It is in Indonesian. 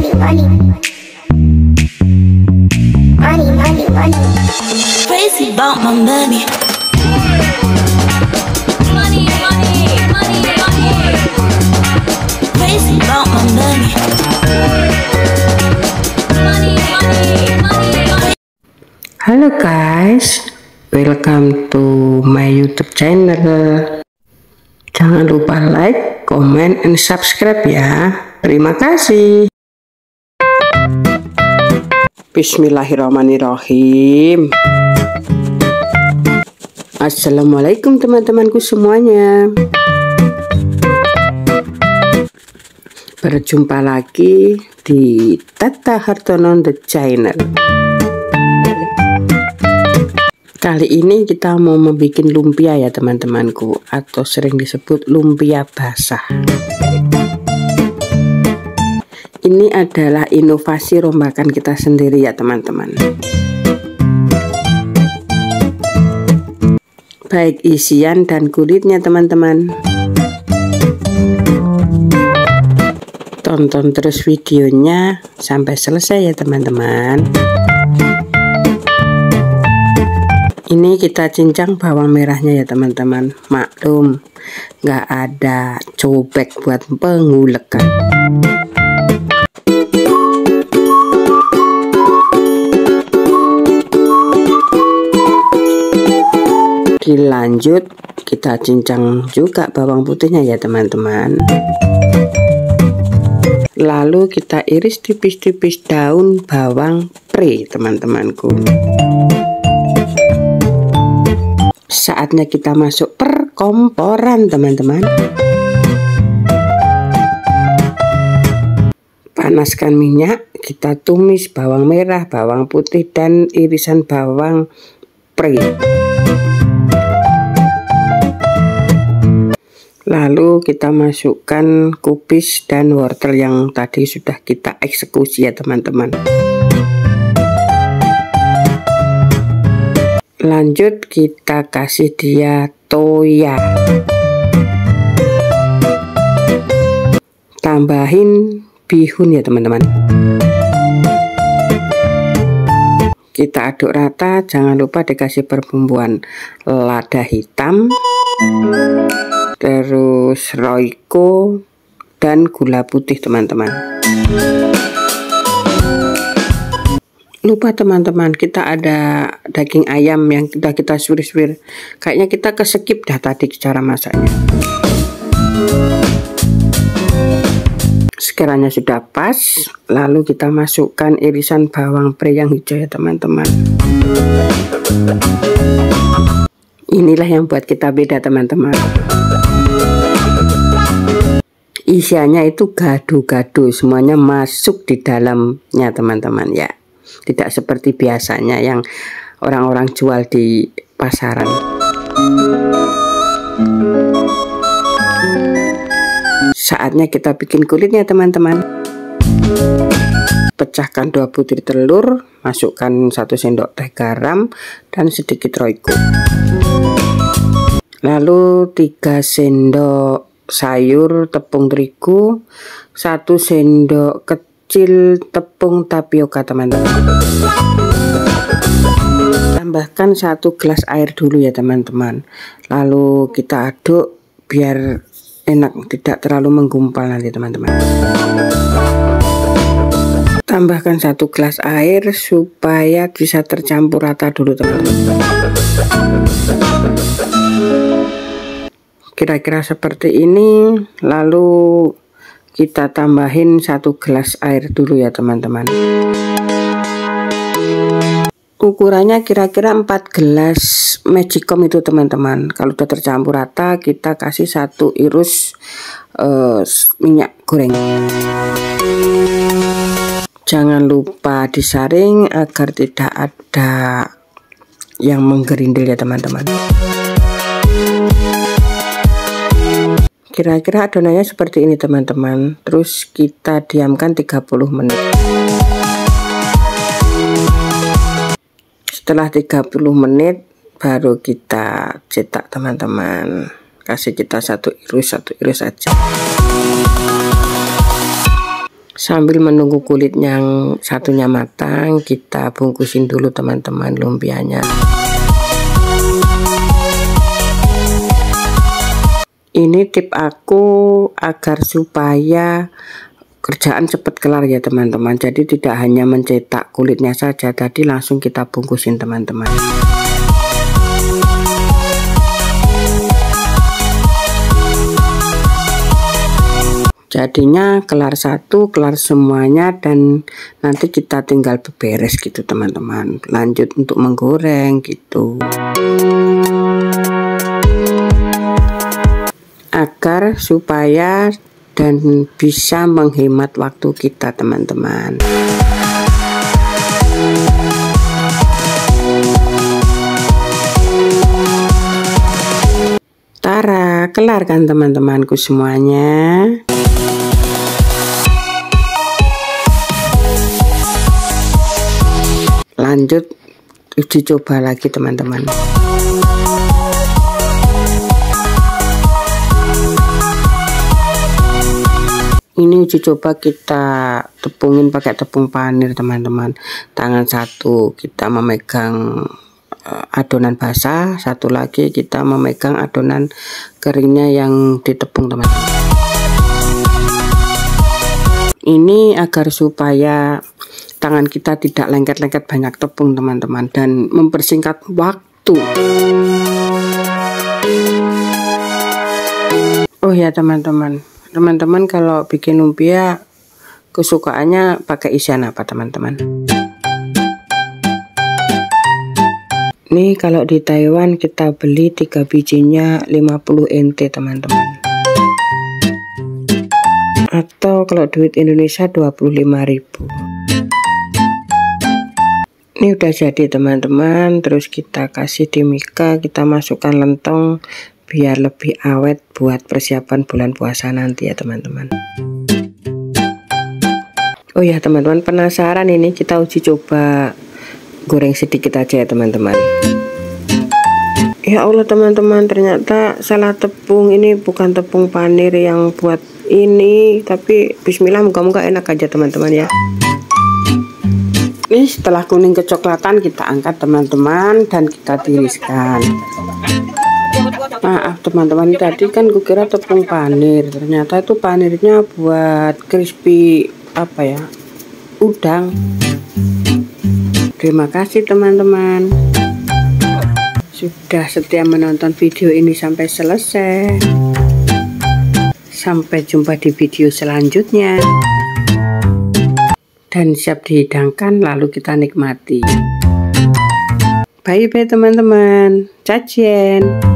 Halo guys, welcome to my YouTube channel. Jangan lupa like, comment, and subscribe ya. Terima kasih. Bismillahirrahmanirrahim Assalamualaikum teman-temanku semuanya Berjumpa lagi di Tata Hartono The Channel Kali ini kita mau membuat lumpia ya teman-temanku Atau sering disebut lumpia basah ini adalah inovasi rombakan kita sendiri ya teman-teman Baik isian dan kulitnya teman-teman Tonton terus videonya sampai selesai ya teman-teman Ini kita cincang bawang merahnya ya teman-teman Maklum nggak ada cobek buat pengulekan lagi lanjut kita cincang juga bawang putihnya ya teman-teman lalu kita iris tipis-tipis daun bawang pre teman-temanku saatnya kita masuk perkomporan teman-teman panaskan minyak kita tumis bawang merah bawang putih dan irisan bawang pre Lalu kita masukkan kubis dan wortel yang tadi sudah kita eksekusi ya teman-teman. Lanjut kita kasih dia toya. Tambahin bihun ya teman-teman. Kita aduk rata, jangan lupa dikasih perbumbuan lada hitam terus Royco dan gula putih teman-teman lupa teman-teman kita ada daging ayam yang kita kita suwir-suwir kayaknya kita keskip dah tadi cara masaknya sekiranya sudah pas lalu kita masukkan irisan bawang pre yang hijau ya teman-teman inilah yang buat kita beda teman-teman isiannya itu gaduh-gaduh semuanya masuk di dalamnya teman-teman ya tidak seperti biasanya yang orang-orang jual di pasaran saatnya kita bikin kulitnya teman-teman pecahkan dua butir telur masukkan satu sendok teh garam dan sedikit royco lalu tiga sendok sayur tepung terigu, satu sendok kecil tepung tapioka teman-teman. Tambahkan satu gelas air dulu ya teman-teman. Lalu kita aduk biar enak tidak terlalu menggumpal nanti teman-teman. Tambahkan satu gelas air supaya bisa tercampur rata dulu teman-teman kira-kira seperti ini lalu kita tambahin satu gelas air dulu ya teman-teman ukurannya kira-kira 4 gelas magicom itu teman-teman kalau sudah tercampur rata kita kasih satu irus uh, minyak goreng jangan lupa disaring agar tidak ada yang menggerindil ya teman-teman kira-kira adonannya seperti ini teman-teman terus kita diamkan 30 menit setelah 30 menit baru kita cetak teman-teman kasih kita satu iris satu iris aja sambil menunggu kulit yang satunya matang kita bungkusin dulu teman-teman lumpianya ini tip aku agar supaya kerjaan cepat kelar ya teman-teman jadi tidak hanya mencetak kulitnya saja tadi langsung kita bungkusin teman-teman jadinya kelar satu kelar semuanya dan nanti kita tinggal beberes gitu teman-teman lanjut untuk menggoreng gitu agar supaya dan bisa menghemat waktu kita teman-teman Tara, kelar teman-temanku semuanya? Lanjut uji coba lagi teman-teman. ini uji coba kita tepungin pakai tepung panir teman-teman tangan satu kita memegang eh, adonan basah satu lagi kita memegang adonan keringnya yang ditepung teman-teman ini agar supaya tangan kita tidak lengket-lengket banyak tepung teman-teman dan mempersingkat waktu Oh ya teman-teman Teman-teman kalau bikin lumpia kesukaannya pakai isian apa teman-teman? Ini kalau di Taiwan kita beli 3 bijinya 50 NT teman-teman. Atau kalau duit Indonesia 25.000. Ini udah jadi teman-teman, terus kita kasih di mika, kita masukkan lentong biar lebih awet buat persiapan bulan puasa nanti ya teman-teman Oh ya teman-teman penasaran ini kita uji coba goreng sedikit aja ya teman-teman Ya Allah teman-teman ternyata salah tepung ini bukan tepung panir yang buat ini tapi bismillah moga-moga enak aja teman-teman ya ini setelah kuning kecoklatan kita angkat teman-teman dan kita tiriskan maaf teman-teman tadi kan kukira tepung panir ternyata itu panirnya buat crispy apa ya udang terima kasih teman-teman sudah setia menonton video ini sampai selesai sampai jumpa di video selanjutnya dan siap dihidangkan lalu kita nikmati bye bye teman-teman -teman.